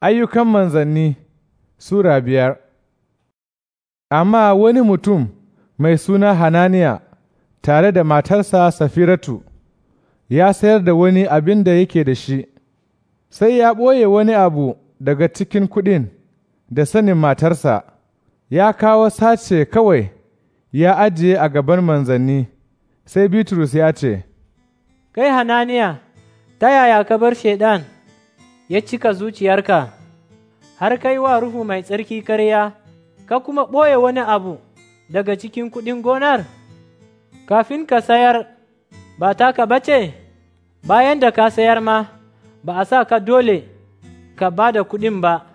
Ayyukan manzanni Sura biyar Amma wani mutum mai suna Hananiya tare da matarsa Safiratu ya sayar da wani abin da yake da shi, sai ya ɓoye wani abu daga cikin kuɗin da sanin matarsa, ya kawo sace kawai ya ajiye a gaban manzanni, sai Bitrus ya ce, Kai Hananiya, ta yaya ka bar Shaiɗan? ya cika zuciyarka, har kai wa Ruhu mai tsarki karya, ka kuma ɓoye wani abu daga cikin kuɗin gonar, kafin ka sayar ba taka ka bayan da ka sayar ma ba a sa ka dole ka ba da kuɗin ba,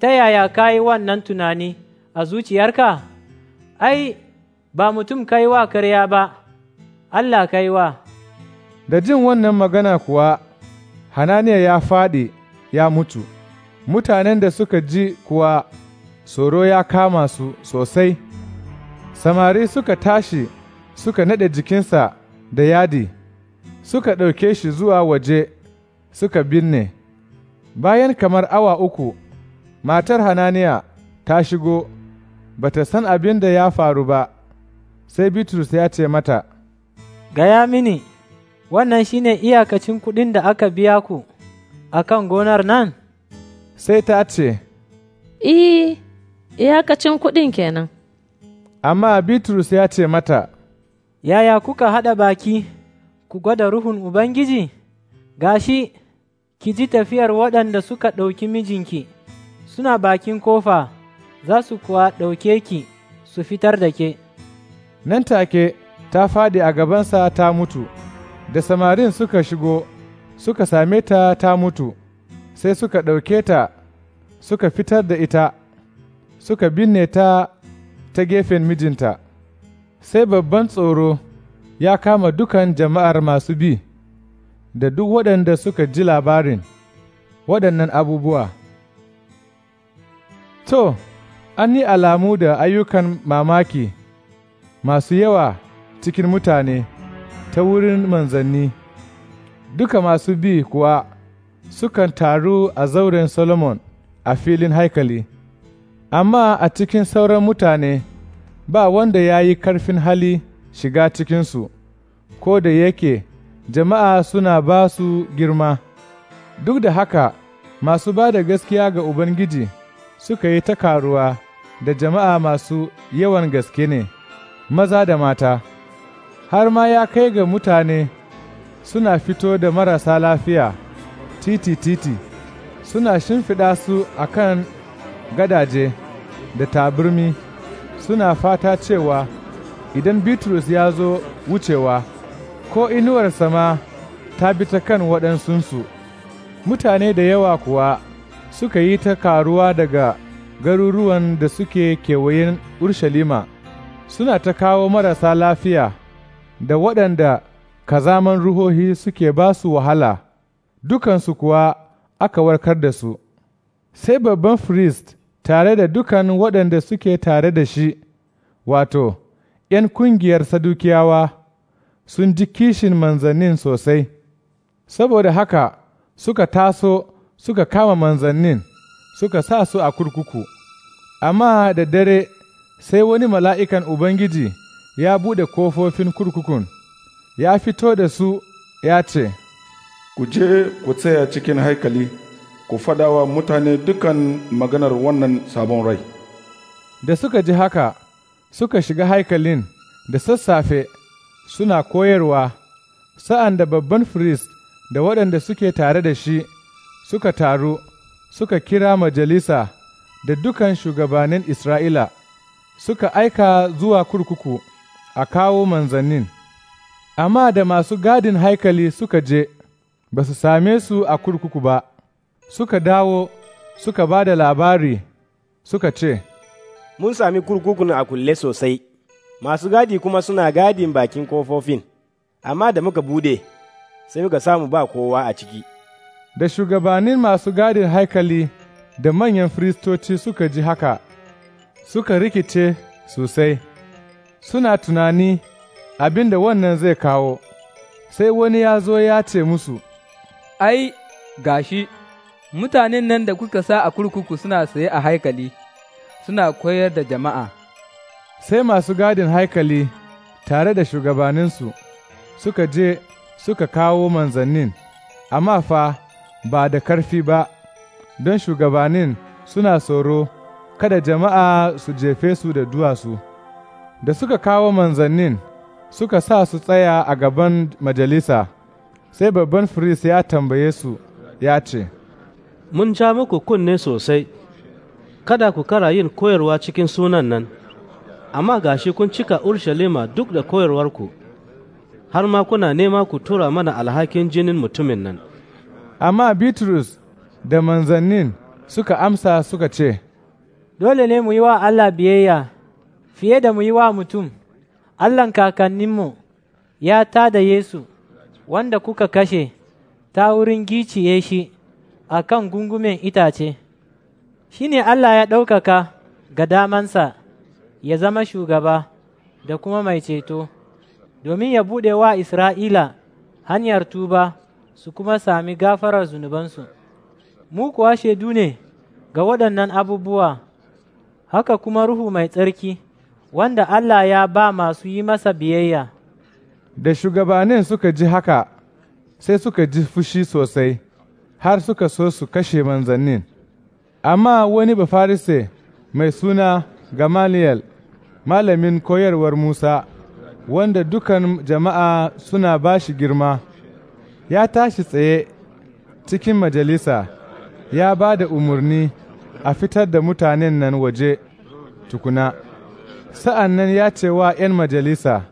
ta yaya ka yi wannan tunani a zuciyarka? Ai, ba mutum ka wa karya ba, Allah ka yi wa. Da jin wannan magana kuwa, Hananiya ya faɗi. ya mutu, mutanen da suka ji kuwa tsoro ya kama su sosai, samari suka tashi suka naɗe jikinsa da yadi, suka ɗauke shi zuwa waje suka binne. Bayan kamar awa uku, matar Hananiya ta shigo, ba ta san abin da ya faru ba, sai Bitrus ya ce mata, Gaya mini, wannan shi ne iyakacin kuɗin da aka biya ku. akan gonar nan? Sai ta ce, I, e, iyakacin kuɗin kenan. Amma Bitrus ya ce mata, Yaya kuka haɗa baki, ku gwada ruhun Ubangiji? Gashi, ki ji tafiyar waɗanda suka ɗauki mijinki, suna bakin kofa, za su kuwa ɗauke ki su fitar da ke. Nan take ta fadi a gabansa ta mutu, da samarin suka shigo suka same ta ta mutu, sai suka ɗauke ta suka fitar da ita, suka binne ta ta gefen mijinta. Sai babban tsoro ya kama dukan jama'ar masu bi da duk waɗanda suka ji labarin waɗannan abubuwa. To, an yi alamu da ayyukan mamaki masu yawa cikin mutane ta wurin manzanni. duka masu bi kuwa sukan taru a zauren Solomon a filin haikali, amma a cikin sauran mutane ba wanda ya yi ƙarfin hali shiga cikinsu, ko da yake jama'a suna ba su girma. Duk da haka, masu ba da gaskiya ga Ubangiji suka yi takaruwa da jama'a masu yawan gaske ne, maza da mata, har ma ya kai ga mutane. suna fito da marasa lafiya titi-titi, suna shimfiɗa su a kan gadaje da taburmi, suna fata cewa idan Bitrus ya zo wucewa, ko inuwar sama ta bi ta kan waɗansunsu. Mutane da yawa kuwa suka yi ta karuwa daga garuruwan da suke kewayen Urshalima, suna ta kawo marasa lafiya da waɗanda kazaman ruhohi suke ba su wahala, dukansu kuwa aka warkar da su. Sai babban firist tare da dukan waɗanda suke tare da shi, wato, ’yan kungiyar sadukiyawa sun ji kishin manzannin sosai, saboda haka suka taso suka kama manzannin suka sa su a kurkuku, amma da dare sai wani mala'ikan Ubangiji ya buɗe kofofin kurkukun. ya fito da su ya ce, Ku je ku tsaya cikin haikali, ku fadawa mutane dukan maganar wannan sabon rai. Da suka ji haka, suka shiga haikalin da sassafe suna koyarwa, sa'an da babban firist da waɗanda suke tare da shi suka taru, suka kira majalisa da dukan shugabannin Isra'ila, suka aika zuwa kurkuku a kawo manzannin. amma da masu gadin haikali suka je, ba su same su a kurkuku ba, suka dawo, suka ba da labari, suka ce, Mun sami kurkukun a kulle sosai, masu gadi kuma suna gadin bakin kofofin, amma da muka bude, sai muka samu ba kowa a ciki. Da shugabannin masu gadin haikali da manyan firistoci suka ji haka, suka rikice sosai, suna tunani. abin da wannan zai kawo, sai wani ya zo ya ce musu, Ai, gashi, mutanen nan da kuka sa a kurkuku suna saye a haikali, suna koyar da jama'a. Sai masu gadin haikali tare da shugabaninsu suka je suka kawo manzannin, amma fa ba da karfi ba, don shugabanin suna tsoro kada jama'a su jefe su da duwatsu. Da suka kawo manzannin, suka sa su tsaya a gaban majalisa, sai babban firist ya tambaye su ya ce, Mun ja muku kunne sosai, kada ku kara yin koyarwa cikin sunan nan, amma gashi kun cika Urshalima duk da koyarwarku, har ma kuna nema ku tura mana alhakin jinin mutumin nan. Amma Bitrus da manzannin suka amsa suka ce, Dole ne mu yi wa Allah biyayya fiye da mu yi wa mutum. Allahn kakanninmu ya ta da Yesu, wanda kuka kashe, ta wurin giciye shi a kan gungumen itace, shi ne Allah ya ɗaukaka ga damansa ya zama shugaba da kuma mai ceto, domin ya buɗe wa Isra'ila hanyar tuba su kuma sami gafarar zunubansu. Mu kuwa shaidu ne ga waɗannan abubuwa, haka kuma Ruhu mai tsarki. wanda Allah ya ba masu yi masa biyayya. Da shugabannin suka ji haka, sai suka ji fushi sosai, har suka so su kashe manzannin. Amma wani bafarise mai suna Gamaliel, malamin koyarwar Musa, wanda dukan jama'a suna ba shi girma, ya tashi tsaye cikin majalisa, ya ba da umarni a fitar da mutanen nan waje tukuna. sa'an nan ya ce wa ’yan majalisa,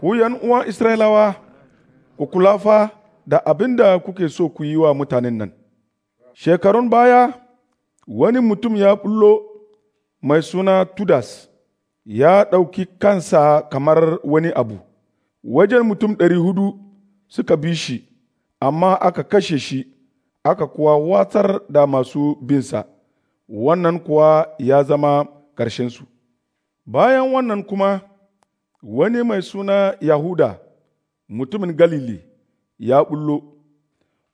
Ku ’yan uwan Isra'ilawa, ku kulafa da abin da kuke so ku yi wa mutanen nan. Shekarun baya, wani mutum ya ɓullo mai suna Tudas, ya ɗauki kansa kamar wani abu, wajen mutum ɗari hudu suka bi shi, amma aka kashe shi, aka kuwa watsar da masu binsa, wannan kuwa ya zama ƙarshensu. Bayan wannan kuma, wani mai suna Yahuda, mutumin Galili, ya ɓullo.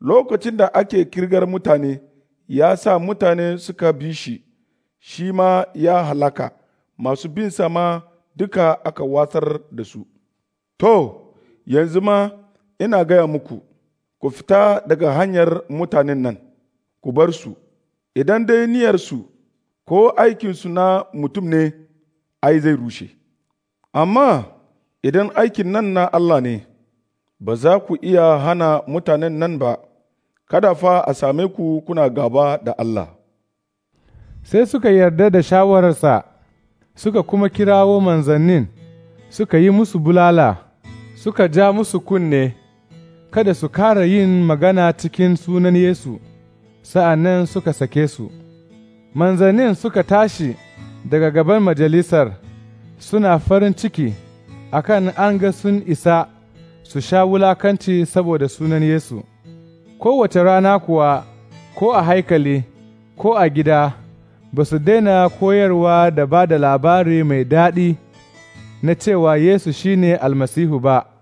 Lokacin da ake kirgar mutane, ya sa mutane suka bi shi, shi ma ya halaka, masu bin sama duka aka watsar da su. To, yanzu ma ina gaya muku, ku fita daga hanyar mutanen nan, ku bar su, idan dai niyarsu ko aikinsu na mutum ne. ai zai rushe. Amma idan aikin nan na Allah ne, ba za ku iya hana mutanen nan ba, kada fa a same ku kuna gaba da Allah. Sai suka yarda da shawararsa, suka kuma kirawo manzannin, suka yi musu bulala, suka ja musu kunne, kada su kara yin magana cikin sunan Yesu, sa'an nan suka sake su. Manzannin suka tashi. daga gaban majalisar suna farin ciki akan an ga sun isa su sha wulakanci saboda sunan Yesu. Kowace rana kuwa, ko a haikali, ko a gida, ba su daina koyarwa da ba da labari mai daɗi na cewa Yesu shine almasihu ba.